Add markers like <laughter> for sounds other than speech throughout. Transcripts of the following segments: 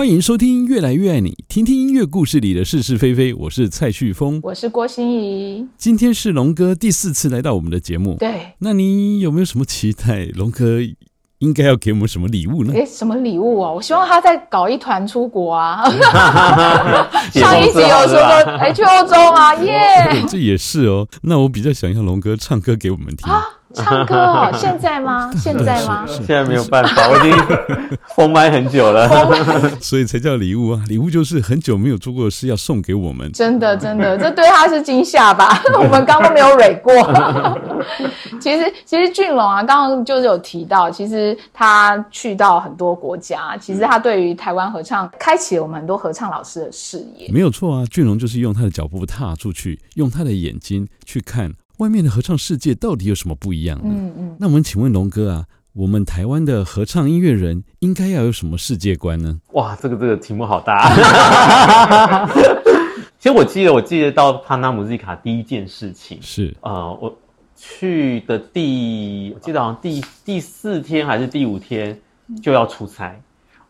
歡迎收聽《樂來越愛你》，聽聽音樂故事裡的是是非非。我是蔡旭峰，我是郭心怡。今天是龍哥第四次來到我們的節目，對。那你有沒有什麼期待？龍哥應該要給我們什麼禮物呢？給什麼禮物啊？我希望他再搞一團出國啊！上 <laughs> 一集有說過？還， <laughs> 去歐洲嗎？耶、yeah！這也是哦。那我比較想讓龍哥唱歌給我們聽，啊唱歌哦，現在嗎？現在嗎？現在沒有辦法， <laughs> 我已經封麥很久了， <laughs> 封麥笑所以才叫禮物啊！禮物就是很久沒有做過的事要送給我們。真的，真的，這對他是驚嚇吧？ <laughs> 我們剛剛都沒有蕊過。 <laughs> 其實，其實俊龍啊，剛剛就是有提到，其實他去到很多國家，其實他對於台灣合唱開啟了我們很多合唱老師的視野。沒有錯啊，俊龍就是用他的腳步踏出去，用他的眼睛去看。外面的合唱世界到底有什麼不一樣？嗯嗯，那我們請問龍哥啊，我們台灣的合唱音樂人應該要有什麼世界觀呢？哇，這個這個題目好大。 <laughs> <laughs> <laughs> 其實我記得，我記得到帕納姆斯卡第一件事情是啊、呃，我去的第我記得好像第第四天還是第五天就要出差。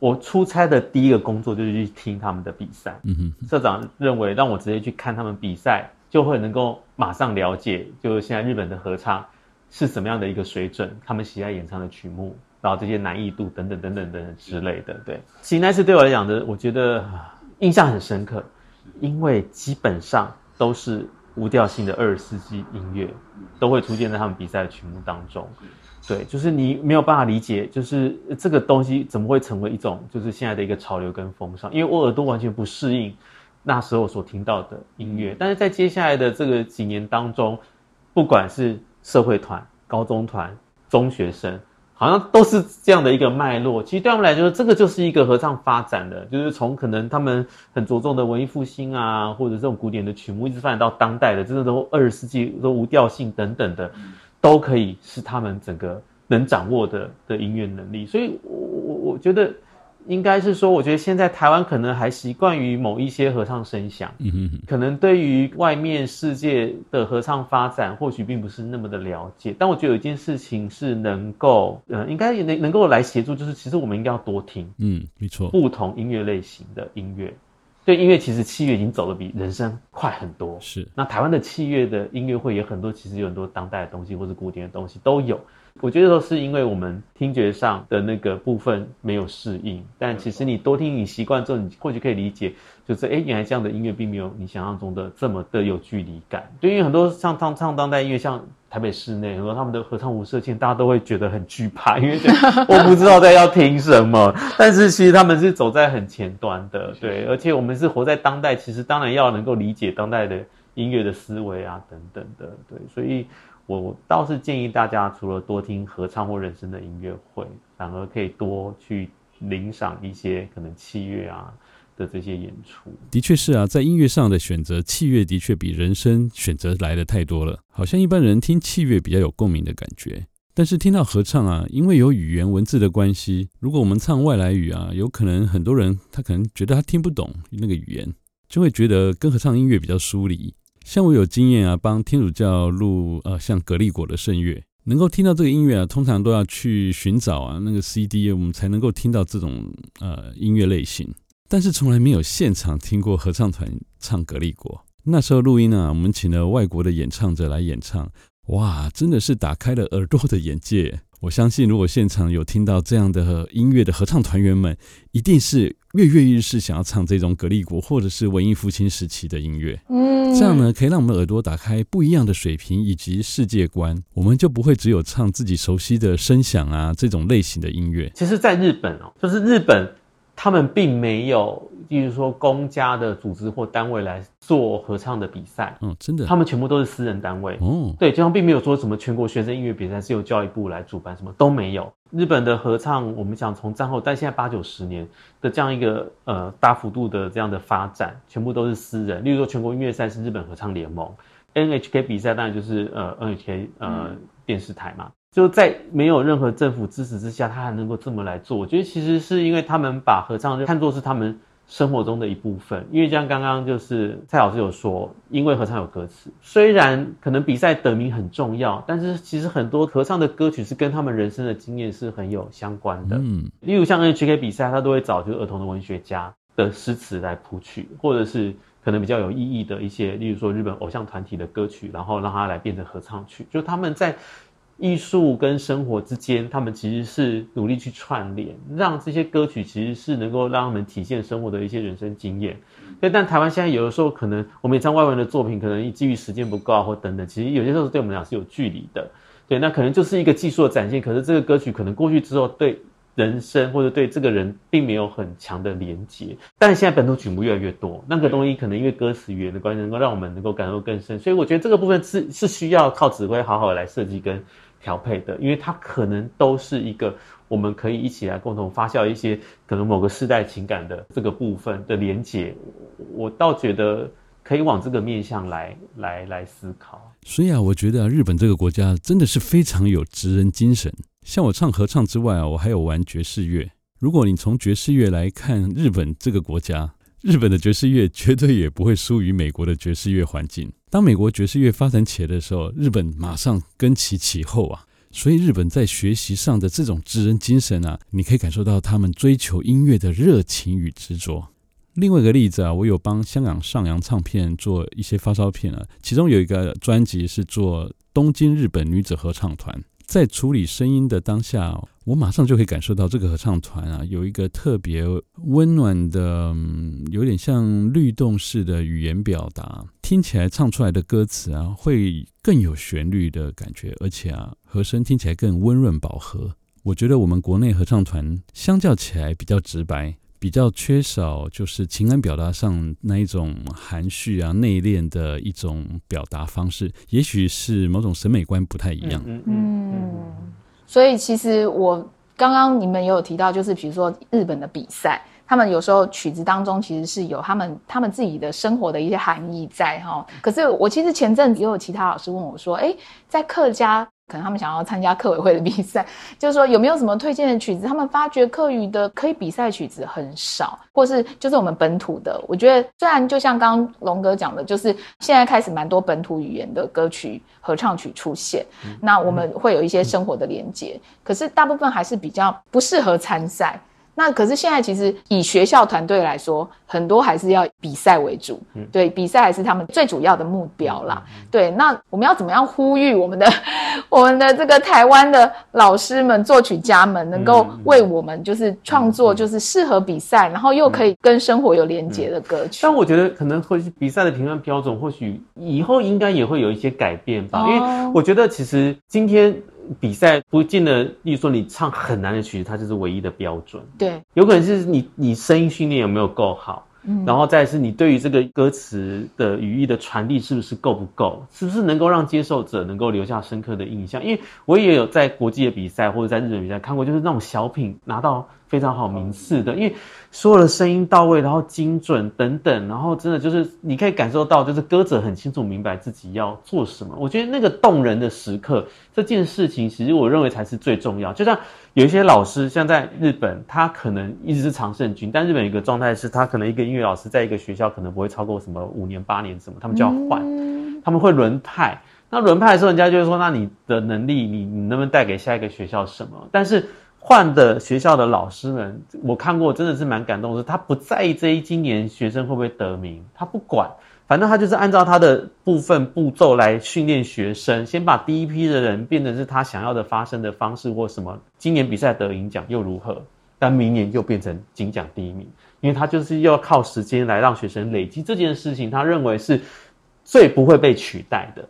我出差的第一個工作就是去聽他們的比賽。嗯哼，社長認為讓我直接去看他們比賽。就會能夠馬上了解，就是現在日本的合唱是怎麼樣的一個水準，他們喜愛演唱的曲目，然後這些難易度等等等等等等之類的。對，其實那次對我來講的，我覺得印象很深刻，因為基本上都是無調性的二十世紀音樂，都會出現在他們比賽的曲目當中。對，就是你沒有辦法理解，就是這個東西怎麼會成為一種就是現在的一個潮流跟風尚？因為我耳朵完全不適應。那時候所聽到的音樂，但是在接下來的這個幾年當中，不管是社會團、高中團、中學生，好像都是這樣的一個脈絡。其實對他們來說，這個就是一個合唱發展的，就是從可能他們很着重的文藝復興啊，或者這種古典的曲目，一直發展到當代的，真的都二十世紀都無調性等等的，都可以是他們整個能掌握的的音樂能力。所以，我我我覺得。應該是說，我覺得現在台灣可能還習慣於某一些合唱聲響， <laughs> 可能對於外面世界的合唱發展，或許並不是那麼的了解。但我覺得有一件事情是能夠，呃，應該也能能夠來協助，就是其實我們應該要多聽，嗯，沒錯，不同音樂類型的音樂。對音樂，其實器樂已經走得比人生快很多。是，那台灣的器樂的音樂會有很多，其實有很多當代的東西，或是古典的東西都有。我覺得都是因為我們聽覺上的那個部分沒有適應，但其實你多聽，你習慣之後，你或許可以理解，就是，誒，原來這樣的音樂並沒有你想象中的這麼的有距離感。對，因為很多像唱唱當代音樂，像。台北室內，很多他們的合唱無色鍵，大家都會覺得很懼怕，因為我不知道在要聽什麼。 <laughs> 但是其實他們是走在很前端的，對。而且我們是活在當代，其實當然要能夠理解當代的音樂的思維啊等等的，對。所以我，我倒是建議大家，除了多聽合唱或人聲的音樂會，反而可以多去聆賞一些可能器樂啊。的這些演出，的確是啊，在音樂上的選擇，器樂的確比人聲選擇來得太多了。好像一般人聽器樂比較有共鳴的感覺，但是聽到合唱啊，因為有語言文字的關係，如果我們唱外來語啊，有可能很多人他可能覺得他聽不懂那個語言，就會覺得跟合唱音樂比較疏離。像我有經驗啊，幫天主教錄呃，像格利果的聖樂，能夠聽到這個音樂啊，通常都要去尋找啊那個 CD，我們才能夠聽到這種呃音樂類型。但是從來沒有現場聽過合唱團唱《葛利果》。那時候錄音啊，我們請了外國的演唱者來演唱，哇，真的是打開了耳朵的眼界。我相信，如果現場有聽到這樣的音樂的合唱團員們，一定是躍躍欲試，想要唱這種《葛利果》或者是文藝復興時期的音樂。嗯，這樣呢，可以讓我們耳朵打開不一樣的水平以及世界觀，我們就不會只有唱自己熟悉的聲響啊這種類型的音樂。其實，在日本哦，就是日本。他們並沒有，例如說公家的組織或單位來做合唱的比賽，嗯，真的，他們全部都是私人單位。哦，對，就像並沒有說什麼全國學生音樂比賽是由教育部來主辦，什麼都沒有。日本的合唱，我們想從戰後到現在八九十年的這樣一個呃大幅度的這樣的發展，全部都是私人。例如說全國音樂賽是日本合唱聯盟，NHK 比賽當然就是呃 NHK 呃電視台嘛。嗯就在沒有任何政府支持之下，他還能夠這麼來做。我覺得其實是因為他們把合唱就看作是他們生活中的一部分。因為像剛剛就是蔡老師有說，因為合唱有歌詞，雖然可能比賽得名很重要，但是其實很多合唱的歌曲是跟他們人生的經驗是很有相關的。嗯，例如像 NHK 比賽，他都會找就是兒童的文學家的詩詞來譜曲，或者是可能比較有意義的一些，例如說日本偶像團體的歌曲，然後讓他來變成合唱曲。就他們在。藝術跟生活之間，他們其實是努力去串聯，讓這些歌曲其實是能夠讓他們體現生活的一些人生經驗。對，但台灣現在有的時候可能我們唱外文的作品，可能基於時間不夠啊，或等等，其實有些時候對我們倆是有距離的。對，那可能就是一個技術的展現，可是這個歌曲可能過去之後，對人生或者對這個人並沒有很強的連接。但現在本土曲目越來越多，那個東西可能因為歌詞語言的關係，能夠讓我們能夠感受更深。所以我覺得這個部分是是需要靠指揮好好來設計跟。調配的，因為它可能都是一個我們可以一起來共同發酵一些可能某個世代情感的這個部分的連接，我倒覺得可以往這個面向來來來思考。所以啊，我覺得啊，日本這個國家真的是非常有職人精神。像我唱合唱之外啊，我還有玩爵士樂。如果你從爵士樂來看日本這個國家。日本的爵士樂絕對也不會輸於美國的爵士樂環境。當美國爵士樂發展起來的時候，日本馬上跟其其後啊，所以日本在學習上的這種職人精神啊，你可以感受到他們追求音樂的熱情與執着。另外一個例子啊，我有幫香港上揚唱片做一些發燒片啊，其中有一個專輯是做東京日本女子合唱團。在處理聲音的當下，我馬上就可以感受到這個合唱團啊，有一個特別溫暖的，有點像律動式的語言表達，聽起來唱出來的歌詞啊，會更有旋律的感覺，而且啊，和聲聽起來更溫潤飽和。我覺得我們國內合唱團相較起來比較直白。比較缺少就是情感表達上那一種含蓄啊、內斂的一種表達方式，也許是某種審美觀不太一樣。嗯，嗯嗯，所以其實我剛剛你們也有提到，就是比如說日本的比賽，他們有時候曲子當中其實是有他們他們自己的生活的一些含義在哈。可是我其實前陣子也有其他老師問我說，哎、欸，在客家。可能他們想要參加客委會的比賽，就是說有沒有什麼推薦的曲子？他們發覺客語的可以比賽曲子很少，或是就是我們本土的。我覺得雖然就像剛龍哥講的，就是現在開始蠻多本土語言的歌曲、合唱曲出現，嗯，那我們會有一些生活的連結，嗯，可是大部分還是比較不適合參賽。那可是現在，其實以學校團隊來說，很多還是要比賽為主、嗯，對，比賽還是他們最主要的目標啦。嗯、對，那我們要怎麼樣呼籲我們的、我們的這個台灣的老師們、作曲家們，能夠為我們就是創作，就是適合比賽、嗯嗯，然後又可以跟生活有連接的歌曲、嗯嗯嗯。但我覺得可能會是比賽的評判標準，或許以後應該也會有一些改變吧、哦，因為我覺得其實今天。比賽不見得，例如說你唱很難的曲子，它就是唯一的標準。對，有可能是你你聲音訓練有沒有夠好，嗯，然後再是你對於這個歌詞的語義的傳遞是不是夠不夠，是不是能夠讓接受者能夠留下深刻的印象？因為我也有在國際的比賽或者在日本比賽看過，就是那種小品拿到。非常好，明示的，嗯、因為所有的聲音到位，然後精準等等，然後真的就是你可以感受到，就是歌者很清楚明白自己要做什麼。我覺得那個動人的時刻，這件事情其實我認為才是最重要。就像有一些老師，像在日本，他可能一直是常勝軍，但日本有一個狀態是，他可能一個音樂老師在一個學校可能不會超過什麼五年八年什麼，他們就要換、嗯，他們會輪派。那輪派的時候，人家就會說，那你的能力你，你你能不能帶給下一個學校什麼？但是。換的學校的老師們，我看過，真的是蠻感動。是，他不在意這一今年學生會不會得名，他不管，反正他就是按照他的部分步驟來訓練學生，先把第一批的人變成是他想要的發聲的方式或什麼。今年比賽得銀獎又如何？但明年又變成金獎第一名，因為他就是要靠時間來讓學生累積這件事情。他認為是最不會被取代的，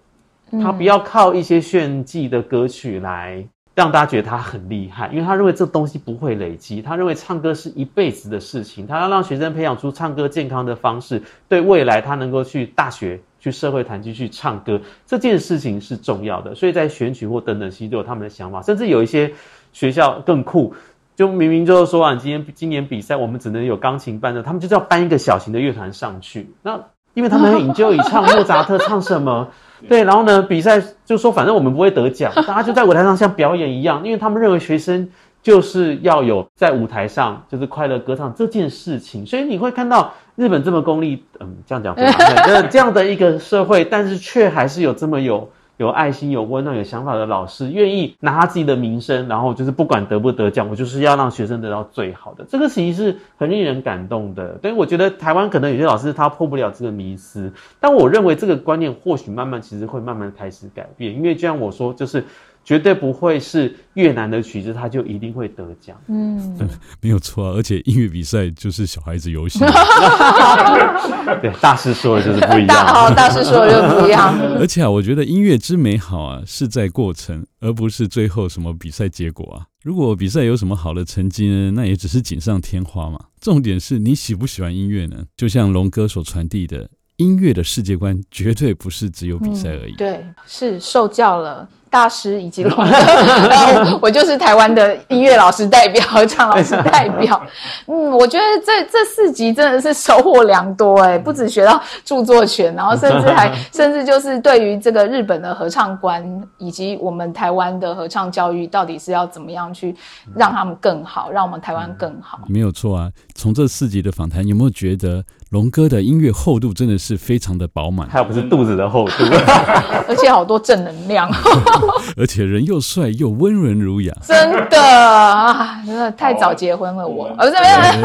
他不要靠一些炫技的歌曲來。讓大家覺得他很厲害，因為他認為這東西不會累積，他認為唱歌是一輩子的事情，他要讓學生培養出唱歌健康的方式，對未來他能夠去大學、去社會團體去唱歌這件事情是重要的，所以在選曲或等等其實都有他們的想法，甚至有一些學校更酷，就明明就是說啊，今天今年比賽我們只能有鋼琴伴奏，他們就是要搬一個小型的樂團上去，那。因為他們很研究，以唱莫扎特唱什麼， <laughs> 對，然後呢比賽就說，反正我們不會得獎，大家就在舞台上像表演一樣，因為他們認為學生就是要有在舞台上就是快樂歌唱這件事情，所以你會看到日本這麼功利，嗯，這樣講，對，這樣的一個社會，但是卻還是有這麼有。有愛心、有溫暖、有想法的老師，願意拿他自己的名聲，然後就是不管得不得獎，我就是要讓學生得到最好的。這個其實是很令人感動的。但我覺得台灣可能有些老師他破不了這個迷思，但我認為這個觀念或許慢慢其實會慢慢開始改變，因為就像我說，就是。絕對不會是越南的曲子，他就一定會得獎。嗯，呃、沒有錯啊，而且音樂比賽就是小孩子遊戲。 <laughs> <laughs> <laughs> 對，大師說的就是不一樣 <laughs> 大、哦。大師說的就是不一樣。 <laughs> 而且啊，我覺得音樂之美好啊，是在過程，而不是最後什麼比賽結果啊。如果比賽有什麼好的成績呢，那也只是錦上添花嘛。重點是你喜不喜歡音樂呢？就像龍哥所傳遞的。音樂的世界觀絕對不是只有比賽而已。嗯、對，是受教了大師以及老師 <laughs> 然後我，我就是台灣的音樂老師代表，合唱老師代表。嗯，我覺得這這四集真的是收穫良多誒、欸嗯、不止學到著作權，然後甚至還甚至就是對於這個日本的合唱觀以及我們台灣的合唱教育，到底是要怎麼樣去讓他們更好，嗯、讓我們台灣更好，嗯嗯。沒有錯啊，從這四集的訪談，有沒有覺得？龍哥的音樂厚度真的是非常的飽滿，還有不是肚子的厚度， <laughs> 而且好多正能量， <laughs> <laughs> 而且人又帥又溫文儒雅，真的啊，真的太早結婚了我，不是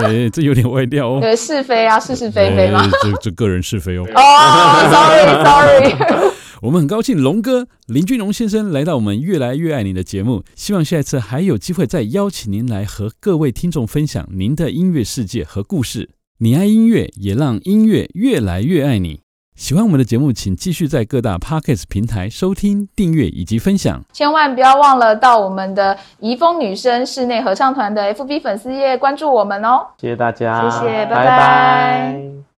沒有，這有點外調哦，對是非啊是是非非嘛，這這個人是非哦，啊、 <laughs> <laughs> oh,，sorry sorry， <laughs> 我們很高興龍哥林俊龍先生來到我們樂來越愛你的節目，希望下一次還有機會再邀請您來和各位聽眾分享您的音樂世界和故事。你愛音樂，也讓音樂越來越愛你。喜歡我們的節目，請繼續在各大 podcast 平台收聽、訂閱以及分享。千萬不要忘了到我們的怡豐女生室內合唱團的 FB 粉絲頁關注我們哦。謝謝大家，謝謝，拜拜。拜拜。